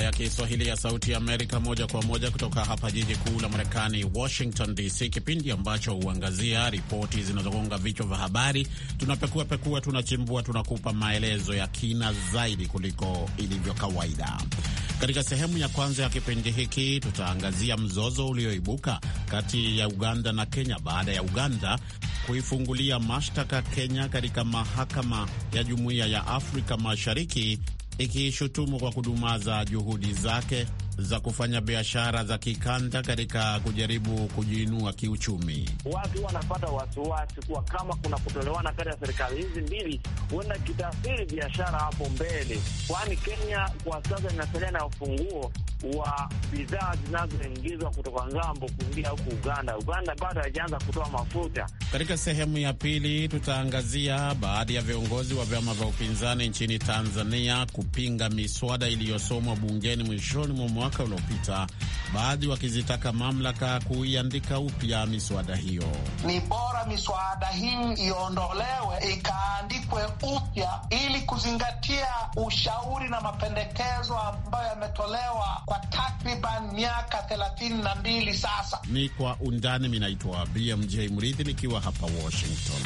idhaa ya Kiswahili ya Sauti ya Amerika moja kwa moja kutoka hapa jiji kuu la Marekani, Washington DC, kipindi ambacho huangazia ripoti zinazogonga vichwa vya habari. Tunapekuapekua, tunachimbua, tunakupa maelezo ya kina zaidi kuliko ilivyo kawaida. Katika sehemu ya kwanza ya kipindi hiki tutaangazia mzozo ulioibuka kati ya Uganda na Kenya baada ya Uganda kuifungulia mashtaka Kenya katika mahakama ya Jumuiya ya Afrika Mashariki ikishutumu kwa kudumaza juhudi zake za kufanya biashara za kikanda katika kujaribu kujiinua kiuchumi. Watu wanapata wasiwasi kuwa kama kuna kutolewana kati ya serikali hizi mbili, huenda kitaathiri biashara hapo mbele, kwani Kenya kwa sasa inasalia na ufunguo wa bidhaa zinazoingizwa kutoka ng'ambo kuingia huku Uganda. Uganda bado haijaanza kutoa mafuta. Katika sehemu ya pili, tutaangazia baadhi ya viongozi wa vyama vya upinzani nchini Tanzania kupinga miswada iliyosomwa bungeni mwishoni mwa mwaka uliopita, baadhi wakizitaka mamlaka kuiandika upya miswada hiyo. Ni bora miswada hii iondolewe ikaandikwe upya ili kuzingatia ushauri na mapendekezo ambayo yametolewa kwa takriban miaka thelathini na mbili sasa. Ni kwa undani. Minaitwa BMJ mridhi nikiwa hapa Washington.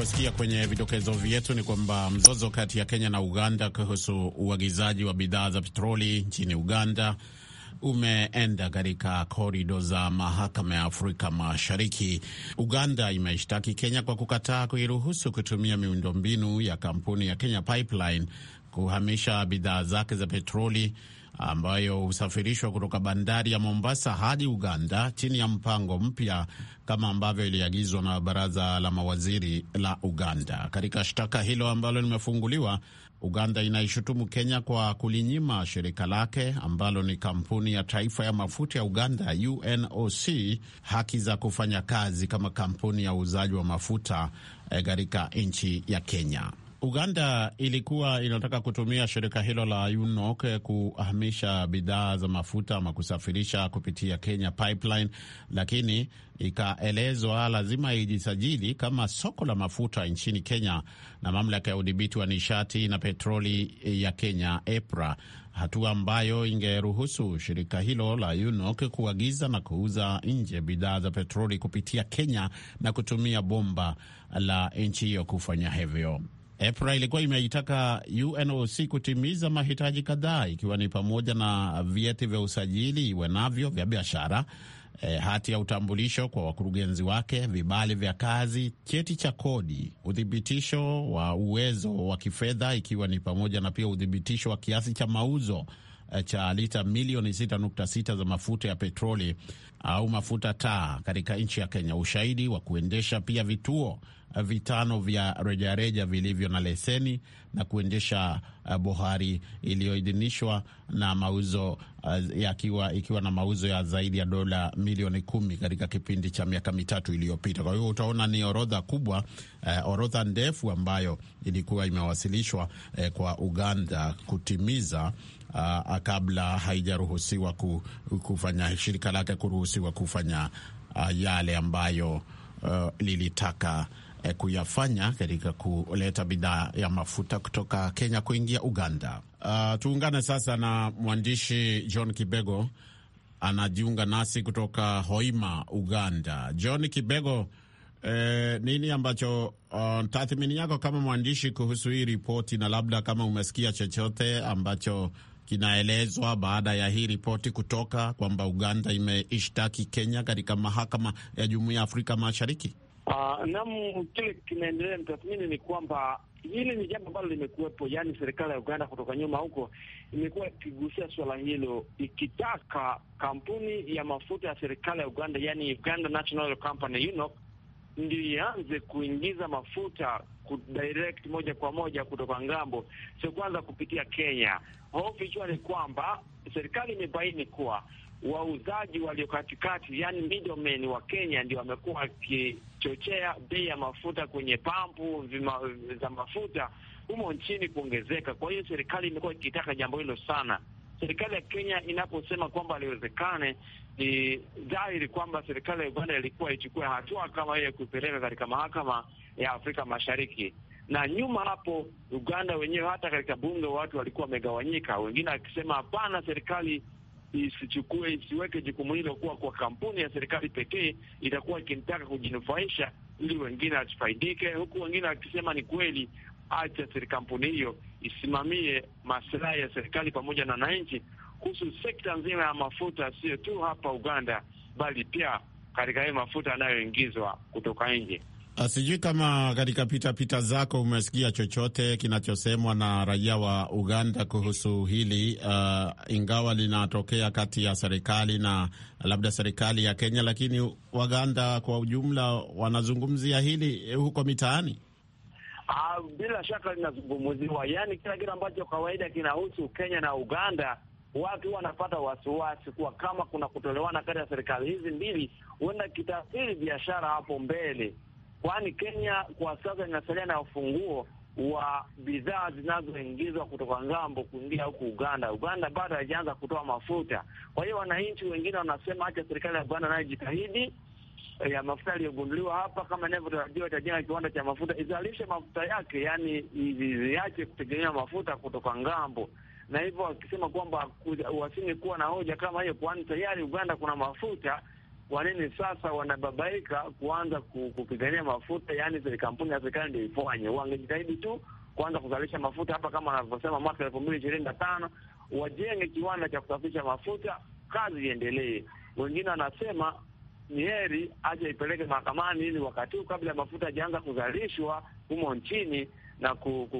ulivyosikia kwenye vidokezo vyetu ni kwamba mzozo kati ya Kenya na Uganda kuhusu uagizaji wa bidhaa za petroli nchini Uganda umeenda katika korido za mahakama ya Afrika Mashariki. Uganda imeshtaki Kenya kwa kukataa kuiruhusu kutumia miundombinu ya kampuni ya Kenya Pipeline kuhamisha bidhaa zake za petroli ambayo husafirishwa kutoka bandari ya Mombasa hadi Uganda chini ya mpango mpya kama ambavyo iliagizwa na baraza la mawaziri la Uganda. Katika shtaka hilo ambalo limefunguliwa, Uganda inaishutumu Kenya kwa kulinyima shirika lake ambalo ni kampuni ya taifa ya mafuta ya Uganda, UNOC, haki za kufanya kazi kama kampuni ya uuzaji wa mafuta eh, katika nchi ya Kenya. Uganda ilikuwa inataka kutumia shirika hilo la UNOC kuhamisha bidhaa za mafuta ama kusafirisha kupitia Kenya Pipeline, lakini ikaelezwa lazima ijisajili kama soko la mafuta nchini Kenya na mamlaka ya udhibiti wa nishati na petroli ya Kenya EPRA, hatua ambayo ingeruhusu shirika hilo la UNOC kuagiza na kuuza nje bidhaa za petroli kupitia Kenya na kutumia bomba la nchi hiyo kufanya hivyo. EPRA ilikuwa imeitaka UNOC kutimiza mahitaji kadhaa ikiwa ni pamoja na vyeti vya usajili iwe navyo vya biashara E, hati ya utambulisho kwa wakurugenzi wake, vibali vya kazi, cheti cha kodi, uthibitisho wa uwezo wa kifedha, ikiwa ni pamoja na pia uthibitisho wa kiasi cha mauzo e, cha lita milioni 6.6 za mafuta ya petroli au mafuta taa katika nchi ya Kenya, ushahidi wa kuendesha pia vituo Eh, vitano vya rejareja vilivyo na leseni na kuendesha eh, bohari iliyoidhinishwa na mauzo eh, yakiwa ikiwa na mauzo ya zaidi ya dola milioni kumi katika kipindi cha miaka mitatu iliyopita. Kwa hiyo utaona ni orodha kubwa, uh, orodha ndefu ambayo ilikuwa imewasilishwa uh, kwa Uganda kutimiza Uh, kabla haijaruhusiwa kufanya shirika lake kuruhusiwa kufanya uh, yale ambayo uh, lilitaka eh, kuyafanya katika kuleta bidhaa ya mafuta kutoka Kenya kuingia Uganda. Uh, tuungane sasa na mwandishi John Kibego anajiunga nasi kutoka Hoima, Uganda. John Kibego, eh, nini ambacho uh, tathmini yako kama mwandishi kuhusu hii ripoti na labda kama umesikia chochote ambacho kinaelezwa baada ya hii ripoti kutoka kwamba Uganda imeishtaki Kenya katika mahakama ya Jumuiya ya Afrika Mashariki? Uh, kile kinaendelea mtathmini ni kwamba hili ni jambo ambalo limekuwepo, yaani serikali ya Uganda kutoka nyuma huko imekuwa ikigusia suala hilo, ikitaka kampuni ya mafuta ya serikali ya Uganda, yaani Uganda National Oil Company UNOC, ndio ianze kuingiza mafuta kudirect moja kwa moja kutoka ngambo, sio kwanza kupitia Kenya. Hofu ikiwa ni kwamba serikali imebaini kuwa wauzaji walio katikati, yani middlemen wa Kenya, ndio wamekuwa wakichochea bei ya mafuta kwenye pampu vima, za mafuta humo nchini kuongezeka. Kwa hiyo serikali imekuwa ikitaka jambo hilo sana. Serikali ya Kenya inaposema kwamba aliwezekane, ni dhahiri kwamba serikali ya Uganda ilikuwa ichukue hatua kama hiyo ya kupeleka katika mahakama ya Afrika Mashariki. Na nyuma hapo, Uganda wenyewe hata katika bunge watu walikuwa wamegawanyika, wengine akisema hapana, serikali isichukue isiweke jukumu hilo kuwa kwa kampuni ya serikali pekee, itakuwa ikimtaka kujinufaisha ili wengine asifaidike, huku wengine wakisema ni kweli, acha kampuni hiyo isimamie maslahi ya serikali pamoja na wananchi kuhusu sekta nzima ya mafuta, sio tu hapa Uganda, bali pia katika hayo mafuta yanayoingizwa kutoka nje. Ah, sijui kama katika pitapita zako umesikia chochote kinachosemwa na raia wa Uganda kuhusu hili uh, ingawa linatokea kati ya serikali na labda serikali ya Kenya, lakini Waganda kwa ujumla wanazungumzia hili huko mitaani. Uh, bila shaka linazungumziwa, yaani kila kitu ambacho kawaida kinahusu Kenya na Uganda watu wanapata wasiwasi kuwa kama kuna kutolewana kati ya serikali hizi mbili, huenda kitaathiri biashara hapo mbele kwani Kenya kwa sasa inasalia na ufunguo wa bidhaa zinazoingizwa kutoka ng'ambo kuingia huku Uganda. Uganda bado haijaanza kutoa mafuta. Kwa hiyo wananchi wengine wanasema hacha serikali ya Uganda nayo jitahidi eh, ya mafuta yaliyogunduliwa hapa, kama inavyotarajiwa, itajenga kiwanda cha mafuta, izalishe mafuta yake, yani iziache kutegemea mafuta kutoka ng'ambo, na hivyo wakisema kwamba wasini kuwa na hoja kama hiyo, kwani tayari Uganda kuna mafuta nini sasa wanababaika kuanza kupigania mafuta, yaani kampuni ya serikali ndio ifanye. Wangejitahidi tu kuanza kuzalisha mafuta hapa, kama wanavyosema mwaka elfu mbili ishirini na tano wajenge kiwanda cha kusafisha mafuta, kazi iendelee. Wengine wanasema ni heri ipeleke mahakamani ili wakati huu kabla ya mafuta ajaanza kuzalishwa humo nchini na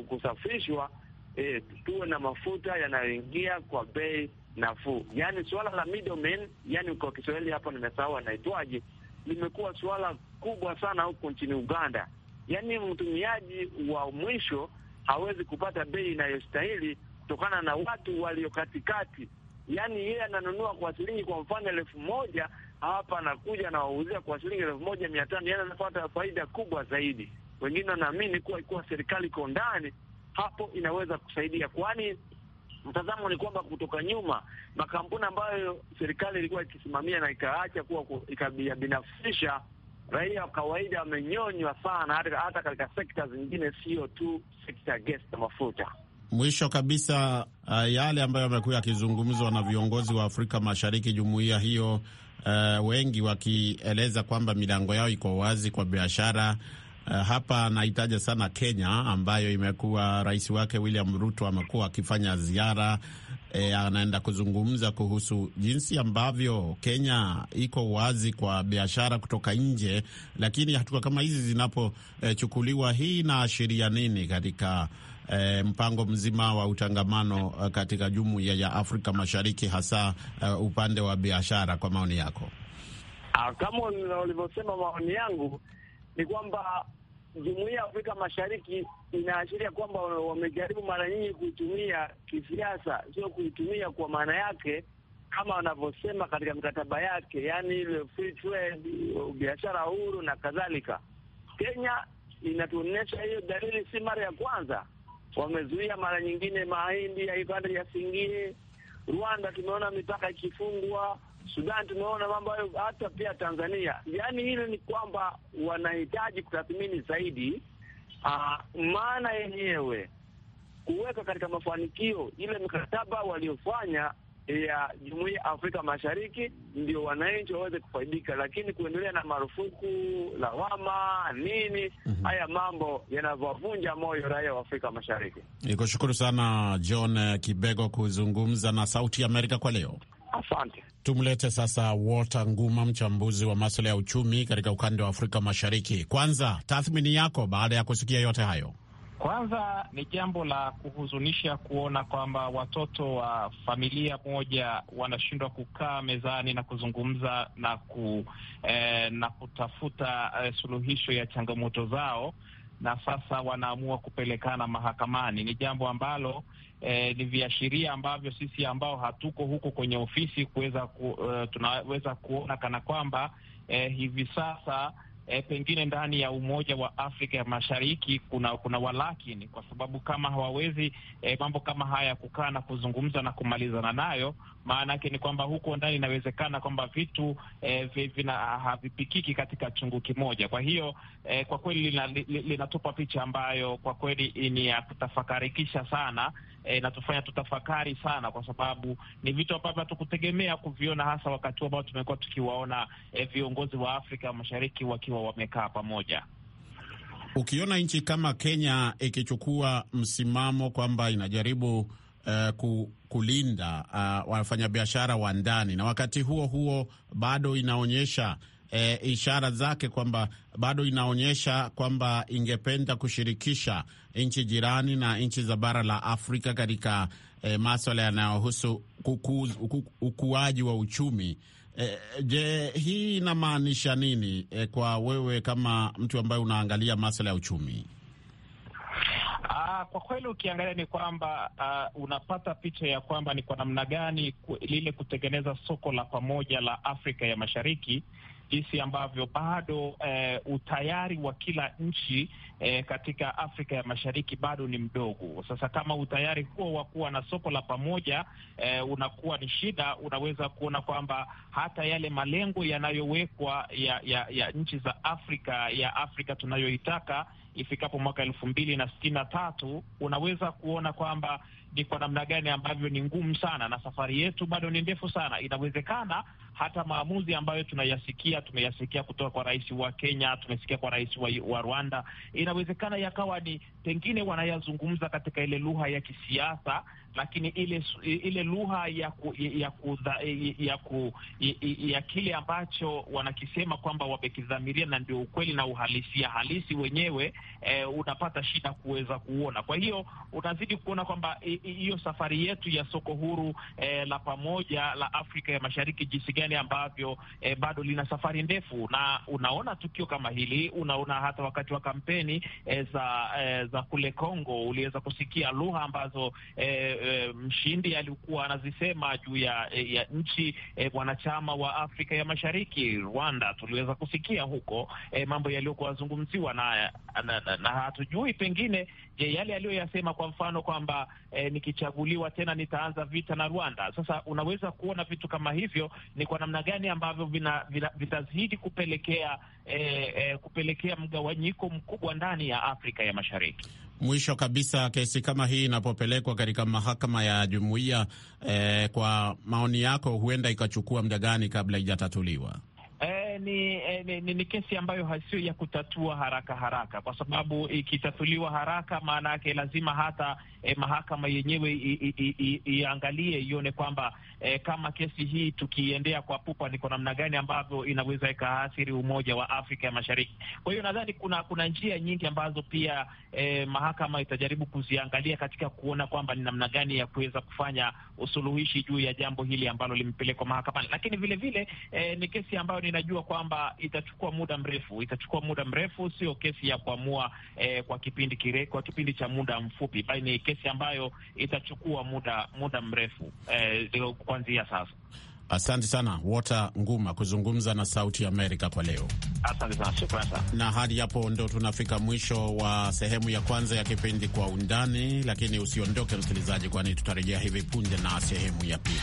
kusafishwa, e, tuwe na mafuta yanayoingia kwa bei nafuu. Yaani suala la middleman, yani kwa Kiswahili hapo nimesahau anaitwaje, limekuwa suala kubwa sana huku nchini Uganda. Yaani mtumiaji wa mwisho hawezi kupata bei inayostahili kutokana na watu walio katikati. Yaani yeye ananunua kwa shilingi, kwa mfano elfu moja hapa, anakuja anawauzia kwa shilingi elfu moja mia tano yaani anapata faida kubwa zaidi. Wengine wanaamini kuwa ikuwa serikali iko ndani hapo inaweza kusaidia, kwani mtazamo ni kwamba kutoka nyuma makampuni ambayo serikali ilikuwa ikisimamia na ikaacha kuwa ikabinafsisha, raia wa kawaida wamenyonywa sana, hata, hata katika sekta zingine, sio tu sekta ya gesi na mafuta. Mwisho kabisa, uh, yale ambayo yamekuwa yakizungumzwa na viongozi wa Afrika Mashariki, jumuiya hiyo, uh, wengi wakieleza kwamba milango yao iko wazi kwa biashara Uh, hapa anahitaja sana Kenya ambayo imekuwa rais wake William Ruto amekuwa akifanya ziara e, anaenda kuzungumza kuhusu jinsi ambavyo Kenya iko wazi kwa biashara kutoka nje, lakini hatua kama hizi zinapochukuliwa, eh, e, hii inaashiria nini katika e, mpango mzima wa utangamano katika jumuiya ya Afrika Mashariki hasa e, upande wa biashara, kwa maoni yako? Ah, kama ulivyosema, maoni yangu ni kwamba jumuiya ya Afrika Mashariki inaashiria kwamba wamejaribu mara nyingi kuitumia kisiasa, sio kuitumia kwa maana yake kama wanavyosema katika mikataba yake, yaani ile free trade, biashara huru na kadhalika. Kenya inatuonyesha hiyo dalili, si mara ya kwanza. Wamezuia mara nyingine mahindi ya ya Singie. Rwanda, tumeona mipaka ikifungwa Sudan tumeona mambo hayo, hata pia Tanzania. Yaani hilo ni kwamba wanahitaji kutathmini zaidi ah, maana yenyewe kuweka katika mafanikio ile mikataba waliofanya ya Jumuiya ya Afrika Mashariki, ndio wananchi waweze kufaidika, lakini kuendelea na marufuku, lawama, nini, mm -hmm. haya mambo yanavyovunja moyo raia wa Afrika Mashariki. Nikushukuru sana John Kibego kuzungumza na Sauti ya Amerika kwa leo. Asante. Tumlete sasa Walter Nguma, mchambuzi wa maswala ya uchumi katika ukanda wa Afrika Mashariki. Kwanza, tathmini yako baada ya kusikia yote hayo? Kwanza ni jambo la kuhuzunisha kuona kwamba watoto wa familia moja wanashindwa kukaa mezani na kuzungumza na ku, eh, na kutafuta eh, suluhisho ya changamoto zao, na sasa wanaamua kupelekana mahakamani. Ni jambo ambalo eh, ni viashiria ambavyo sisi ambao hatuko huko kwenye ofisi kuweza ku, uh, tunaweza kuona kana kwamba eh, hivi sasa E, pengine ndani ya Umoja wa Afrika ya Mashariki kuna kuna walakini, kwa sababu kama hawawezi e, mambo kama haya kukaa na kuzungumza na kumalizana nayo maana yake ni kwamba huko ndani inawezekana kwamba vitu e, vina havipikiki katika chungu kimoja. Kwa hiyo e, kwa kweli linatupa lina picha ambayo kwa kweli ni ya kutafakarikisha sana Eh, inatufanya eh, tutafakari sana, kwa sababu ni vitu ambavyo hatukutegemea kuviona, hasa wakati ambao tumekuwa tukiwaona e, viongozi wa Afrika Mashariki wakiwa wamekaa pamoja. Ukiona nchi kama Kenya ikichukua msimamo kwamba inajaribu uh, ku, kulinda uh, wafanyabiashara wa ndani na wakati huo huo bado inaonyesha e, ishara zake kwamba bado inaonyesha kwamba ingependa kushirikisha nchi jirani na nchi za bara la Afrika katika e, maswala yanayohusu ukuaji wa uchumi. E, je, hii inamaanisha nini e, kwa wewe kama mtu ambaye unaangalia maswala ya uchumi? Ah, kwa kweli ukiangalia ni kwamba uh, unapata picha ya kwamba ni kwa namna gani lile kutengeneza soko la pamoja la Afrika ya Mashariki jinsi ambavyo bado eh, utayari wa kila nchi eh, katika Afrika ya Mashariki bado ni mdogo. Sasa kama utayari huo wa kuwa na soko la pamoja eh, unakuwa ni shida, unaweza kuona kwamba hata yale malengo yanayowekwa ya, ya, ya nchi za Afrika ya Afrika tunayoitaka ifikapo mwaka elfu mbili na sitini na tatu unaweza kuona kwamba ni kwa namna gani ambavyo ni ngumu sana, na safari yetu bado ni ndefu sana. Inawezekana hata maamuzi ambayo tunayasikia, tumeyasikia kutoka kwa rais wa Kenya, tumesikia kwa rais wa, wa Rwanda, inawezekana yakawa ni pengine wanayazungumza katika ile lugha ya kisiasa lakini ile ile lugha ya ku, ya, ku, ya, ku, ya, ya kile ambacho wanakisema kwamba wamekidhamiria na ndio ukweli na uhalisia halisi wenyewe eh, unapata shida kuweza kuona. Kwa hiyo unazidi kuona kwamba hiyo safari yetu ya soko huru eh, la pamoja la Afrika ya Mashariki jinsi gani ambavyo eh, bado lina safari ndefu, na unaona tukio kama hili, unaona hata wakati wa kampeni eh, za, eh, za kule Kongo uliweza kusikia lugha ambazo eh, Eh, mshindi alikuwa anazisema juu ya, eh, ya nchi e, wanachama wa Afrika ya Mashariki. Rwanda tuliweza kusikia huko e, mambo yaliyokuwa yazungumziwa na, na, na, na hatujui pengine, je, yale aliyoyasema kwa mfano kwamba e, nikichaguliwa tena nitaanza vita na Rwanda. Sasa unaweza kuona vitu kama hivyo ni kwa namna gani ambavyo vitazidi kupelekea e, e, kupelekea mgawanyiko mkubwa ndani ya Afrika ya Mashariki. Mwisho kabisa, kesi kama hii inapopelekwa katika mahakama ya jumuiya eh, kwa maoni yako, huenda ikachukua muda gani kabla ijatatuliwa? ni, eh, ni, ni, ni kesi ambayo sio ya kutatua haraka haraka, kwa sababu ikitatuliwa haraka, maana yake lazima hata eh, mahakama yenyewe iangalie ione kwamba eh, kama kesi hii tukiendea kwa pupa, ni kwa namna gani ambavyo inaweza ikaathiri umoja wa Afrika ya Mashariki. Kwa hiyo nadhani kuna kuna njia nyingi ambazo pia eh, mahakama itajaribu kuziangalia katika kuona kwamba ni namna gani ya kuweza kufanya usuluhishi juu ya jambo hili ambalo limepelekwa mahakamani, lakini vilevile vile, eh, ni kesi ambayo ninajua kwamba itachukua muda mrefu, itachukua muda mrefu, sio kesi ya kuamua eh, kwa kipindi kire, kwa kipindi cha muda mfupi, bali ni kesi ambayo itachukua muda muda mrefu eh, kuanzia sasa. Asante sana Walter Nguma kuzungumza na Sauti Amerika kwa leo. Asante sana, shukrani sana. Na hadi hapo ndo tunafika mwisho wa sehemu ya kwanza ya kipindi Kwa Undani, lakini usiondoke msikilizaji, kwani tutarejea hivi punde na sehemu ya pili.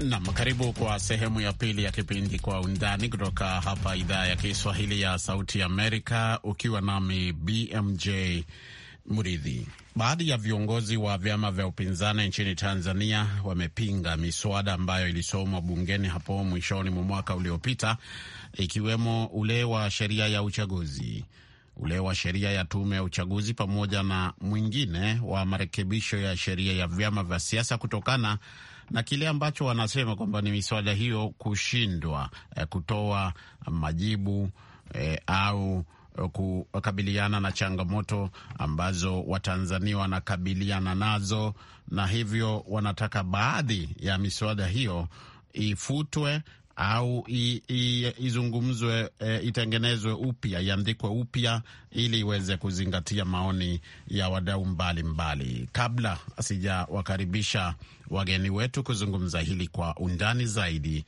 Nam, karibu kwa sehemu ya pili ya kipindi Kwa Undani kutoka hapa idhaa ya Kiswahili ya Sauti Amerika, ukiwa nami BMJ Mridhi. Baadhi ya viongozi wa vyama vya upinzani nchini Tanzania wamepinga miswada ambayo ilisomwa bungeni hapo mwishoni mwa mwaka uliopita, ikiwemo ule wa sheria ya uchaguzi, ule wa sheria ya tume ya uchaguzi, pamoja na mwingine wa marekebisho ya sheria ya vyama vya siasa kutokana na kile ambacho wanasema kwamba ni miswada hiyo kushindwa eh, kutoa majibu eh, au eh, kukabiliana na changamoto ambazo Watanzania wanakabiliana nazo, na hivyo wanataka baadhi ya miswada hiyo ifutwe au izungumzwe e, itengenezwe upya iandikwe upya ili iweze kuzingatia maoni ya wadau mbalimbali. Kabla sijawakaribisha wageni wetu kuzungumza hili kwa undani zaidi,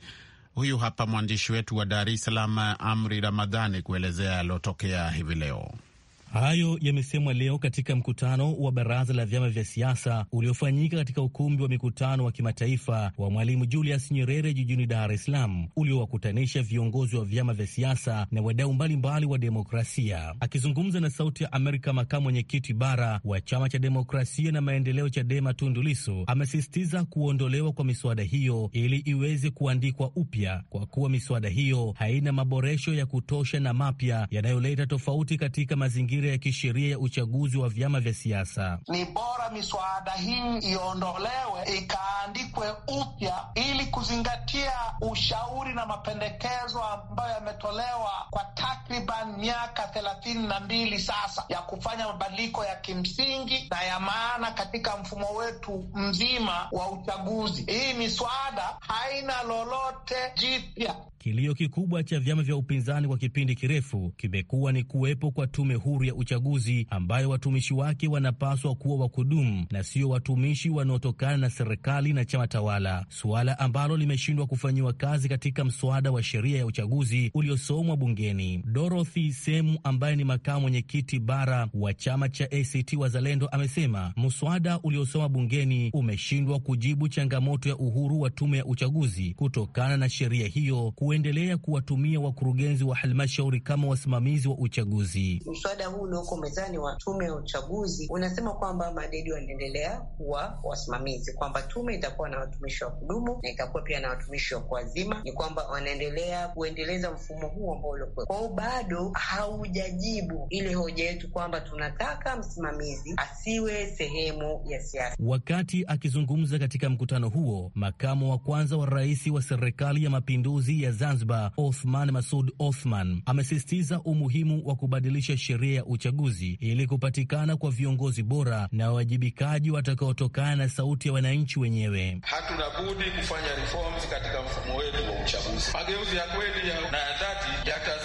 huyu hapa mwandishi wetu wa Dar es Salaam, Amri Ramadhani, kuelezea yaliyotokea hivi leo. Hayo yamesemwa leo katika mkutano wa baraza la vyama vya siasa uliofanyika katika ukumbi wa mikutano wa kimataifa wa Mwalimu Julius Nyerere jijini Dar es Salaam, uliowakutanisha viongozi wa vyama vya siasa na wadau mbalimbali wa demokrasia. Akizungumza na Sauti ya Amerika, makamu mwenyekiti bara wa Chama cha Demokrasia na Maendeleo, Chadema, Tundu Lissu amesisitiza kuondolewa kwa miswada hiyo ili iweze kuandikwa upya, kwa kuwa miswada hiyo haina maboresho ya kutosha na mapya yanayoleta tofauti katika mazingira dhamira ya kisheria ya uchaguzi wa vyama vya siasa. Ni bora miswada hii iondolewe ikaandikwe upya ili kuzingatia ushauri na mapendekezo ambayo yametolewa kwa takriban miaka thelathini na mbili sasa ya kufanya mabadiliko ya kimsingi na ya maana katika mfumo wetu mzima wa uchaguzi. Hii miswada haina lolote jipya. Kilio kikubwa cha vyama vya upinzani kwa kipindi kirefu kimekuwa ni kuwepo kwa tume huru ya uchaguzi ambayo watumishi wake wanapaswa kuwa wa kudumu na sio watumishi wanaotokana na serikali na chama tawala, suala ambalo limeshindwa kufanyiwa kazi katika mswada wa sheria ya uchaguzi uliosomwa bungeni. Dorothy Semu ambaye ni makamu mwenyekiti bara wa chama cha ACT Wazalendo amesema mswada uliosoma bungeni umeshindwa kujibu changamoto ya uhuru wa tume ya uchaguzi kutokana na sheria hiyo kuendelea kuwatumia wakurugenzi wa halmashauri kama wasimamizi wa uchaguzi. Mswada huu ulioko mezani wa tume ya uchaguzi unasema kwamba madedi wanaendelea kuwa wasimamizi, kwamba tume itakuwa na watumishi wa kudumu na itakuwa pia na watumishi wa kuazima. Ni kwamba wanaendelea kuendeleza mfumo huu ambao uliokuwa kwao. Bado haujajibu ile hoja yetu kwamba tunataka msimamizi asiwe sehemu ya siasa. Wakati akizungumza katika mkutano huo, makamu wa kwanza wa rais wa serikali ya mapinduzi ya Zanzibar Othman Masud Othman amesisitiza umuhimu wa kubadilisha sheria ya uchaguzi ili kupatikana kwa viongozi bora na wawajibikaji watakaotokana na sauti ya wananchi wenyewe. Hatuna budi kufanya reforms katika mfumo wetu wa uchaguzi. Mageuzi ya kweli na ya dhati yata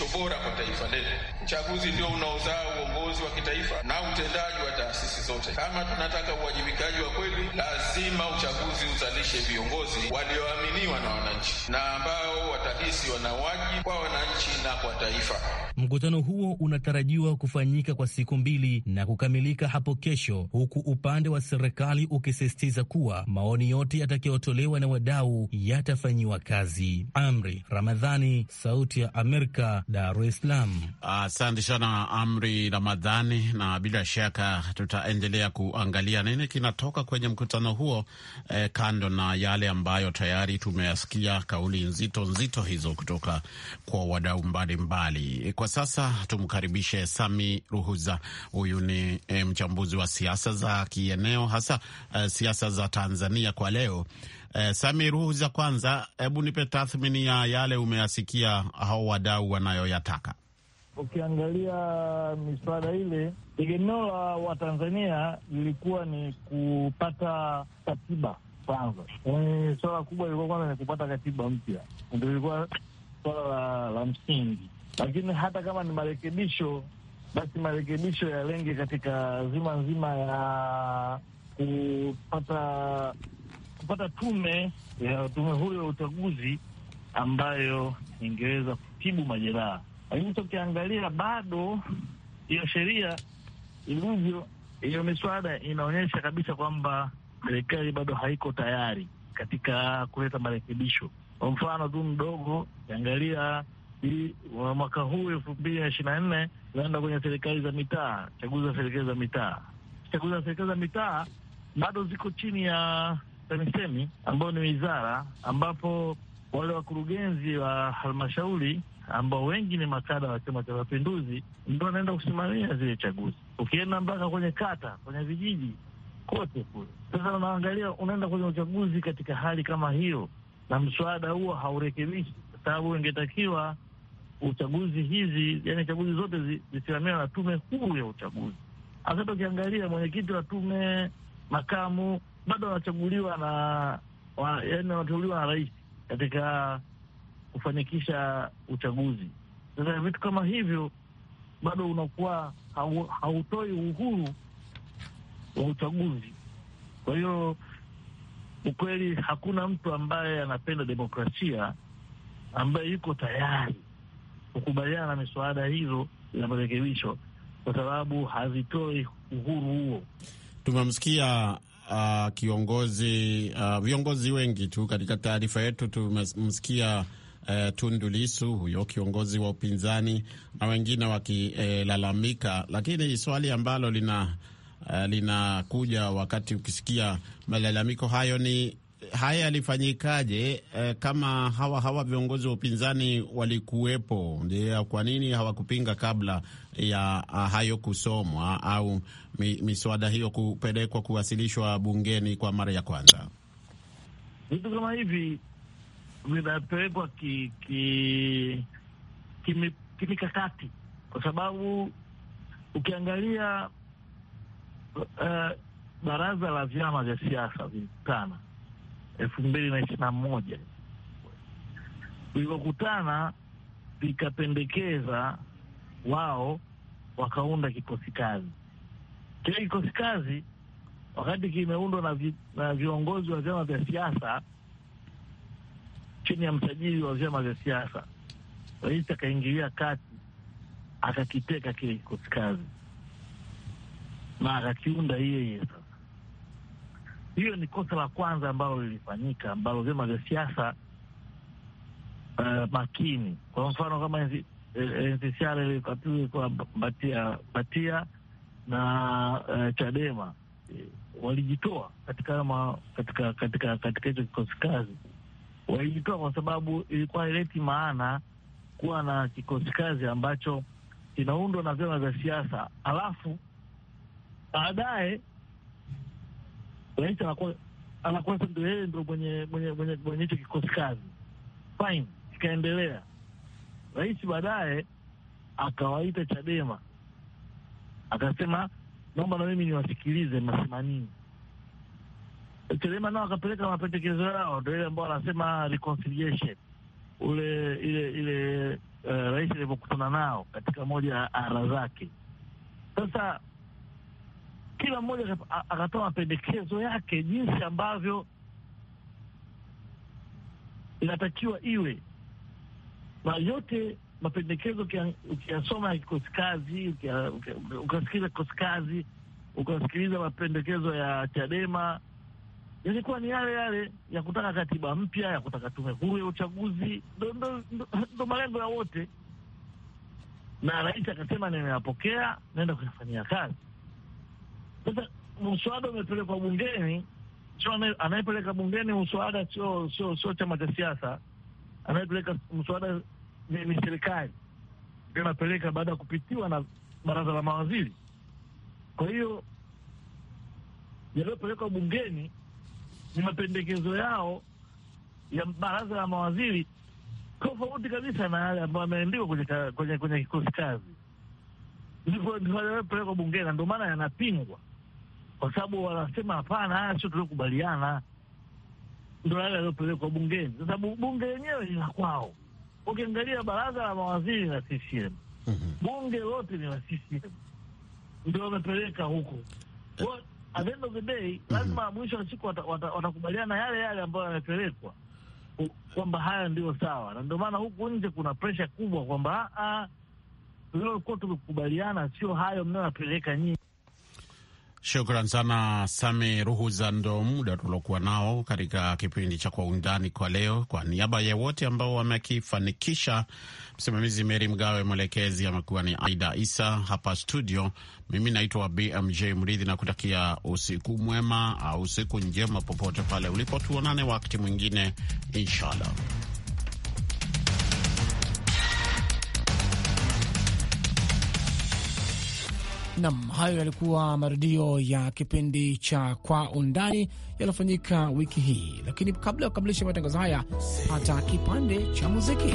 kilicho bora kwa taifa letu. Uchaguzi ndio unaozaa uongozi wa kitaifa na utendaji wa taasisi zote. Kama tunataka uwajibikaji wa kweli, lazima uchaguzi uzalishe viongozi walioaminiwa na wananchi na ambao watahisi wana wajibu kwa wananchi na kwa taifa. Mkutano huo unatarajiwa kufanyika kwa siku mbili na kukamilika hapo kesho, huku upande wa serikali ukisisitiza kuwa maoni yote yatakayotolewa na wadau yatafanyiwa kazi. Amri Ramadhani, Sauti ya Amerika, Dar es Salaam. Asante uh, sana Amri Ramadhani, na bila shaka tutaendelea kuangalia nini kinatoka kwenye mkutano huo eh, kando na yale ambayo tayari tumeyasikia kauli nzito nzito hizo kutoka kwa wadau mbalimbali. Eh, kwa sasa tumkaribishe Sami Ruhuza, huyu ni eh, mchambuzi wa siasa za kieneo hasa eh, siasa za Tanzania kwa leo Eh, Samir za kwanza hebu nipe tathmini ya yale umeyasikia hao wadau wanayoyataka. Ukiangalia uh, miswada ile, tegemeo la Watanzania lilikuwa ni kupata katiba kwanza. E, swala kubwa ilikuwa kwanza ni kupata katiba mpya, ndio ilikuwa swala la, la msingi. Lakini hata kama ni marekebisho, basi marekebisho yalenge katika zima nzima ya kupata kupata tume ya tume huyo ya uchaguzi ambayo ingeweza kutibu majeraha, lakini tukiangalia bado hiyo sheria ilivyo, hiyo miswada inaonyesha kabisa kwamba serikali bado haiko tayari katika kuleta marekebisho. Kwa mfano tu mdogo, ukiangalia mwaka huu elfu mbili na ishirini na nne unaenda kwenye serikali za mitaa, chaguzi za serikali za mitaa, chaguzi za serikali za mitaa bado ziko chini ya TAMISEMI ambayo ni wizara, ambapo wale wakurugenzi wa halmashauri ambao wengi ni makada wa Chama cha Mapinduzi ndio wanaenda kusimamia zile chaguzi. Ukienda mpaka kwenye kata, kwenye vijiji kote kule, sasa unaangalia, unaenda kwenye uchaguzi katika hali kama hiyo, na mswada huo haurekebishi, kwa sababu ingetakiwa uchaguzi hizi, yani chaguzi zote zisimamiwa na tume huru ya uchaguzi. Hasa tukiangalia mwenyekiti wa tume, makamu bado wanachaguliwa na wa, yani wanateuliwa na rais katika kufanikisha uchaguzi. Sasa vitu kama hivyo bado unakuwa hau, hautoi uhuru wa uchaguzi. Kwa hiyo ukweli, hakuna mtu ambaye anapenda demokrasia ambaye yuko tayari kukubaliana na miswada hizo ya marekebisho, kwa sababu hazitoi uhuru huo. Tumemsikia uh, kiongozi uh, viongozi wengi tu. Katika taarifa yetu tumemsikia uh, Tundu Lissu, huyo kiongozi wa upinzani na wengine wakilalamika, uh, lakini swali ambalo lina uh, linakuja wakati ukisikia malalamiko hayo ni haya yalifanyikaje? Eh, kama hawa hawa viongozi wa upinzani walikuwepo, ndio kwa nini hawakupinga kabla ya ah, hayo kusomwa au miswada hiyo kupelekwa kuwasilishwa bungeni kwa mara ya kwanza? Vitu kama hivi vinapelekwa ki, ki, kimikakati kimi, kwa sababu ukiangalia uh, baraza la vyama vya siasa vitana elfu mbili na ishirini na moja lilivyokutana vikapendekeza wao wakaunda kikosi kazi. Kile kikosi kazi wakati kimeundwa na, vi, na viongozi wa vyama vya siasa chini ya msajili wa vyama vya siasa, rais akaingilia kati akakiteka kile kikosi kazi na akakiunda yeye sasa hiyo ni kosa la kwanza ambalo lilifanyika ambalo vyama vya siasa uh, makini, kwa mfano kama NCCR eh, kwa Batia, Batia na uh, Chadema walijitoa katika ma, katika katika katika hicho kikosi kazi, walijitoa kwa sababu ilikuwa haileti maana kuwa na kikosi kazi ambacho kinaundwa na vyama vya siasa alafu baadaye rais anakuwa anakuwa ndo yeye ndio mwenye mwenye mwenye mwenye hicho kikosi kazi. Fine, kikaendelea. Rais baadaye akawaita Chadema akasema naomba na mimi niwasikilize mnasema nini. Chadema nao akapeleka mapendekezo yao, ndo ile ambao anasema reconciliation, ule ile ile uh, rais alivyokutana nao katika moja ya ara zake. Sasa kila mmoja akatoa mapendekezo yake jinsi ambavyo inatakiwa iwe, na yote mapendekezo ukiyasoma ya kikosi kazi, ukasikiliza kikosi kazi, ukasikiliza mapendekezo ya Chadema yalikuwa ni yale yale ya kutaka katiba mpya, ya kutaka tume huru ya uchaguzi. Ndo malengo ya wote, na rais akasema nimeyapokea, naenda kuyafanyia kazi. Sasa mswada umepelekwa bungeni, sio anayepeleka bungeni mswada sio sio sio chama cha siasa, anayepeleka mswada ni, ni serikali ndio inapeleka baada ya kupitiwa na baraza la mawaziri. Kwa hiyo yaliyopelekwa bungeni ni mapendekezo yao ya baraza la mawaziri, tofauti kabisa na yale ambayo ameandikwa kwenye kwenye kikosi kazi, ndivyo yaliyopelekwa bungeni, na ndio maana yanapingwa kwa sababu wanasema hapana, haya sio tuliokubaliana. Ndo yale yaliyopelekwa bungeni. sababu bunge lenyewe ni la kwao. Ukiangalia baraza la mawaziri la CCM, mhm. bunge lote ni la CCM, ndio wamepeleka huko. At the end of the day, mhm. lazima mwisho wa siku watakubaliana yale yale ambayo yamepelekwa kwamba haya ndio sawa, na ndio maana huku nje kuna presha kubwa kwamba ah, ah, tuliokuwa tumekubaliana, sio hayo mnayoyapeleka nyinyi. Shukran sana Sami Ruhuza. Ndo muda tuliokuwa nao katika kipindi cha Kwa Undani kwa leo. Kwa niaba ya wote ambao wamekifanikisha, msimamizi Meri Mgawe, mwelekezi amekuwa ni Aida Isa hapa studio. Mimi naitwa BMJ Mridhi na kutakia usiku mwema au usiku njema popote pale ulipo. Tuonane wakati mwingine, inshallah. Nam, hayo yalikuwa marudio ya kipindi cha Kwa Undani yaliyofanyika wiki hii, lakini kabla ya kukamilisha matangazo haya, hata kipande cha muziki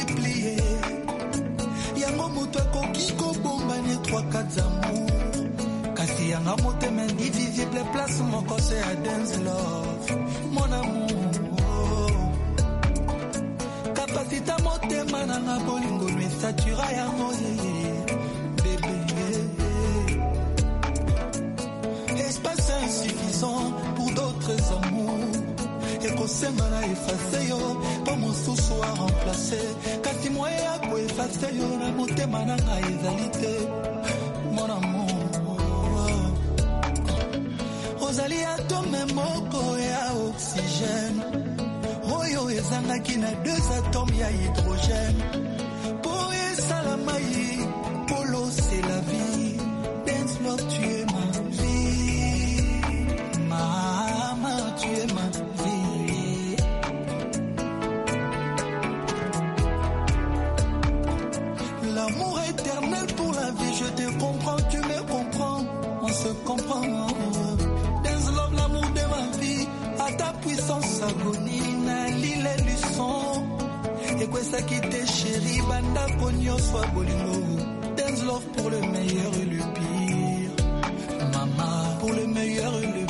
tokoki kobombani kwaka zambu kasi yanga motema indivisible place moko se ya dance love mon amour kapasita motema nanga bolingo lwesatura yango yeye semana efase yo mpo mosusu aremplace kasi yo na motema na ngai ezali te ozali atome moko ya oxygène oyo ezangaki na deux atome ya hydrogène mpo esalama ye polosela vie dance love obstacle t'es chéri banda pognon soit bolingo dance love pour le meilleur et le pire mama pour le meilleur et le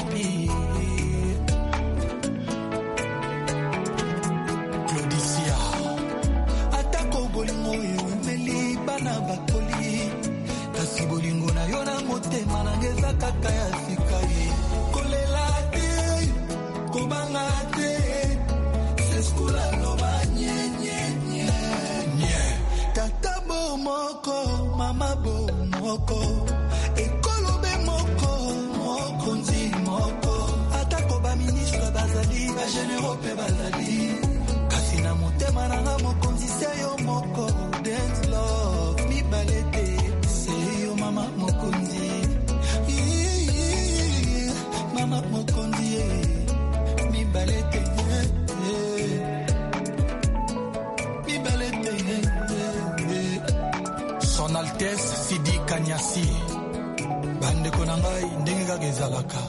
bandeko na ngai ndenge kaka ezalaka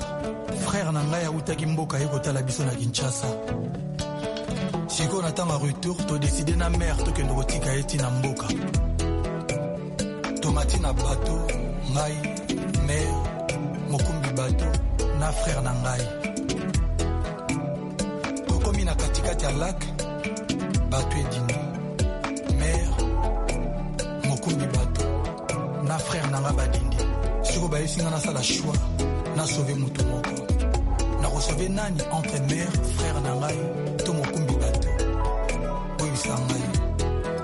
frere na ngai awutaki mboka ye kotala biso na kinshasa sikoyo na ntango ya retour todeside na mare tokende kotika ye ti na mboka tomati na bato ngai mare mokumbi bato na frere na ngai tokomi na katikati ya lak bato edini mare mokumbi bato na frere na ngai badini frère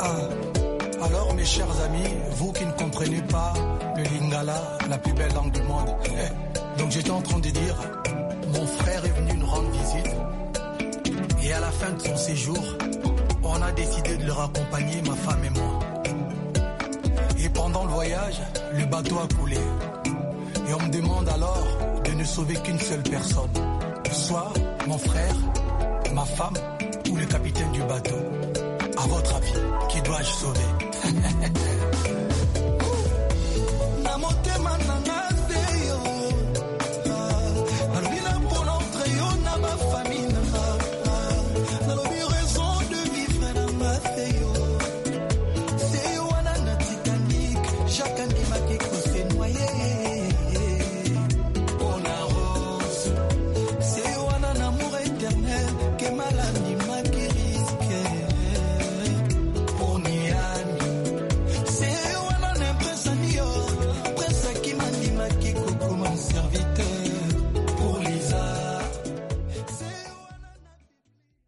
ah. alors mes chers amis vous qui ne comprenez pas le lingala la plus belle langue du monde eh, donc j'étais en train de dire mon frère est venu nous rendre visite et à la fin de son séjour on a décidé de le accompagner ma femme et moi et pendant le voyage le bateau a coulé et on me demande alors de ne sauver qu'une seule personne. Soit mon frère, ma femme ou le capitaine du bateau. À votre avis, qui dois-je sauver